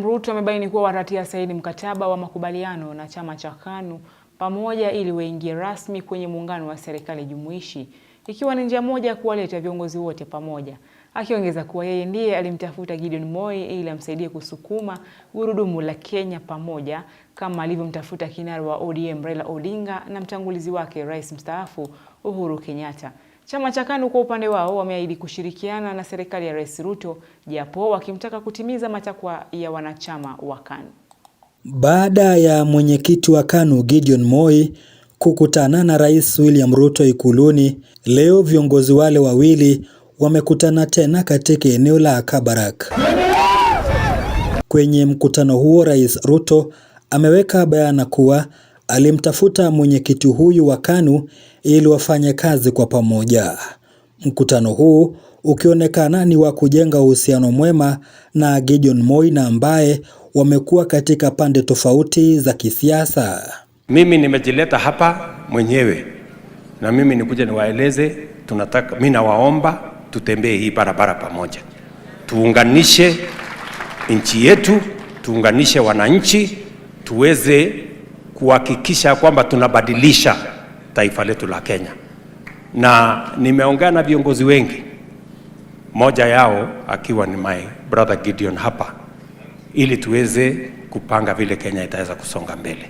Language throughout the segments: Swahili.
Ruto amebaini kuwa watatia saini mkataba wa makubaliano na chama cha KANU pamoja ili waingie rasmi kwenye muungano wa serikali jumuishi, ikiwa ni njia moja ya kuwaleta viongozi wote pamoja, akiongeza kuwa yeye ndiye alimtafuta Gideon Moi ili amsaidie kusukuma gurudumu la Kenya pamoja, kama alivyomtafuta kinara wa ODM Raila Odinga na mtangulizi wake Rais mstaafu Uhuru Kenyatta. Chama cha KANU kwa upande wao wameahidi kushirikiana na serikali ya Rais Ruto japo wakimtaka kutimiza matakwa ya wanachama wa KANU. Baada ya mwenyekiti wa KANU Gideon Moi kukutana na Rais William Ruto Ikuluni, leo viongozi wale wawili wamekutana tena katika eneo la Kabarak. Kwenye mkutano huo, Rais Ruto ameweka bayana kuwa alimtafuta mwenyekiti huyu wa KANU ili wafanye kazi kwa pamoja. Mkutano huu ukionekana ni wa kujenga uhusiano mwema na Gideon Moi na ambaye wamekuwa katika pande tofauti za kisiasa. Mimi nimejileta hapa mwenyewe na mimi nikuja niwaeleze, tunataka mimi nawaomba tutembee hii barabara pamoja, tuunganishe nchi yetu, tuunganishe wananchi, tuweze kuhakikisha kwamba tunabadilisha taifa letu la Kenya, na nimeongea na viongozi wengi, moja yao akiwa ni my brother Gideon hapa, ili tuweze kupanga vile Kenya itaweza kusonga mbele.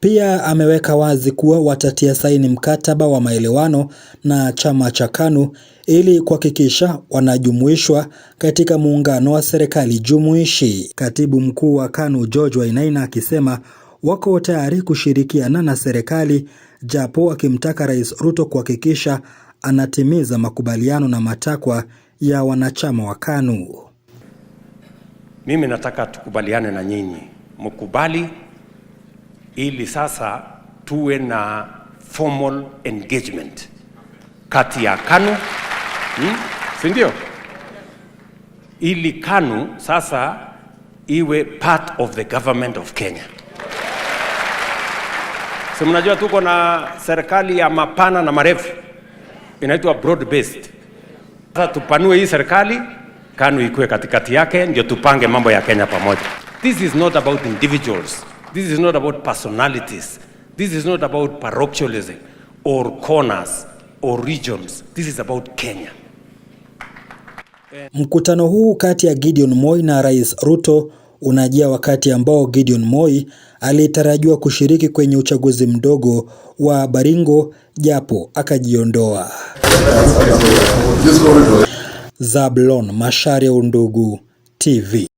Pia ameweka wazi kuwa watatia saini mkataba wa maelewano na chama cha KANU ili kuhakikisha wanajumuishwa katika muungano wa serikali jumuishi. Katibu mkuu wa KANU George Wainaina akisema wako tayari kushirikiana na serikali japo akimtaka Rais Ruto kuhakikisha anatimiza makubaliano na matakwa ya wanachama wa KANU. Mimi nataka tukubaliane na nyinyi, mkubali ili sasa tuwe na formal engagement kati ya KANU hmm, si ndio? Ili KANU sasa iwe part of the government of Kenya. Si mnajua tuko na serikali ya mapana na marefu inaitwa broad based. Sasa tupanue hii serikali, KANU ikue katikati yake, ndio tupange mambo ya Kenya pamoja. This is not about individuals. This is not about personalities. This is not about parochialism or corners or regions. This is about Kenya. Mkutano huu kati ya Gideon Moi na Rais Ruto unajia wakati ambao Gideon Moi alitarajiwa kushiriki kwenye uchaguzi mdogo wa Baringo japo akajiondoa. Zablon Macharia, Undugu TV.